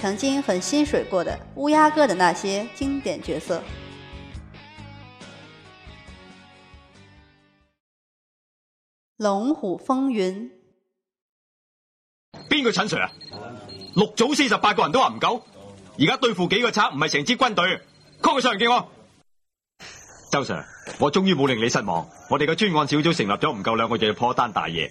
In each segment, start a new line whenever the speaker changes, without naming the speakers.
曾經很心水過的烏鴉哥的那些經典角色，《龍虎風雲》。邊個陳 Sir 啊？六組四十八個人都話唔夠，而家對付幾個賊，唔係成支軍隊。call 佢上嚟見我。周 Sir，我終於冇令你失望，我哋嘅專案小組成立咗唔夠兩個月就破單大嘢。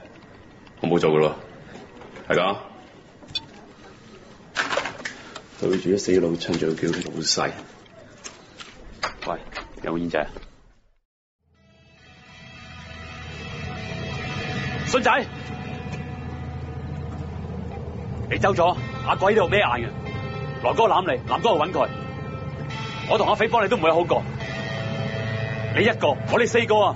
我冇做噶喇，係咁對住啲死佬，襯，仲叫老細。喂，有冇煙仔啊？信仔，你走咗，阿鬼喺度咩眼嘅？羅哥攬你，南哥去搵佢，我同阿肥波你都唔會好過。你一個，我哋四個啊！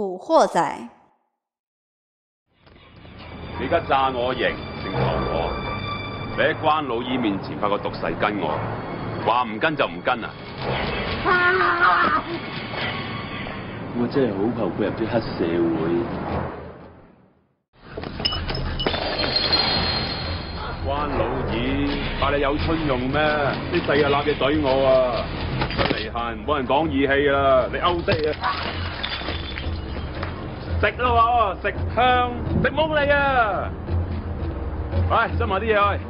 《古惑仔》你。而家炸我型，成我我。你喺關老二面前發個毒誓跟我，話唔跟就唔跟啊！啊我真係好後悔入啲黑社會。關老二，怕你有春用咩？啲細啊乸你懟我啊！得閒冇人講義氣啊，你勾 u 啊！啊食咯喎，食香食懵你啊！喂，收埋啲嘢去。